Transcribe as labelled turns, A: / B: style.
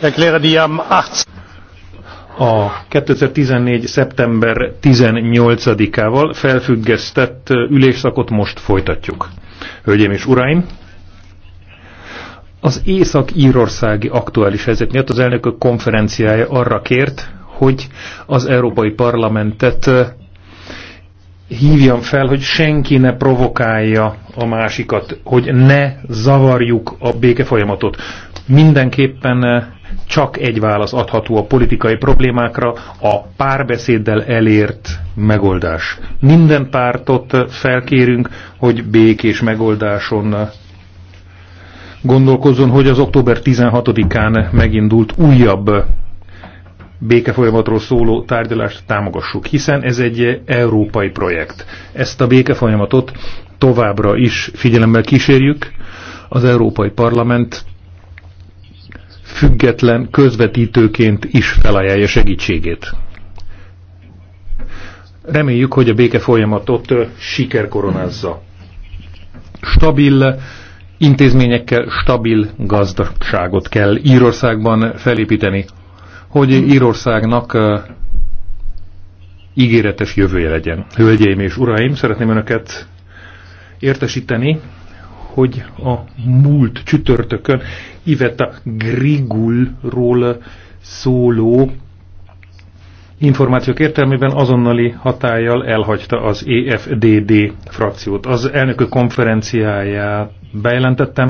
A: A 2014. szeptember 18-ával felfüggesztett ülésszakot most folytatjuk. Hölgyeim és uraim, az Észak-Írországi aktuális helyzet miatt az elnökök konferenciája arra kért, hogy az Európai Parlamentet hívjam fel, hogy senki ne provokálja a másikat, hogy ne zavarjuk a béke folyamatot. Mindenképpen csak egy válasz adható a politikai problémákra, a párbeszéddel elért megoldás. Minden pártot felkérünk, hogy békés megoldáson gondolkozzon, hogy az október 16-án megindult újabb békefolyamatról szóló tárgyalást támogassuk, hiszen ez egy európai projekt. Ezt a békefolyamatot továbbra is figyelemmel kísérjük. Az Európai Parlament független közvetítőként is felajánlja segítségét. Reméljük, hogy a béke folyamatot siker koronázza. Stabil intézményekkel stabil gazdaságot kell Írországban felépíteni, hogy Írországnak ígéretes jövője legyen. Hölgyeim és uraim, szeretném Önöket értesíteni, hogy a múlt csütörtökön Iveta Grigulról szóló információk értelmében azonnali hatállyal elhagyta az EFDD frakciót. Az elnökök konferenciáját bejelentettem,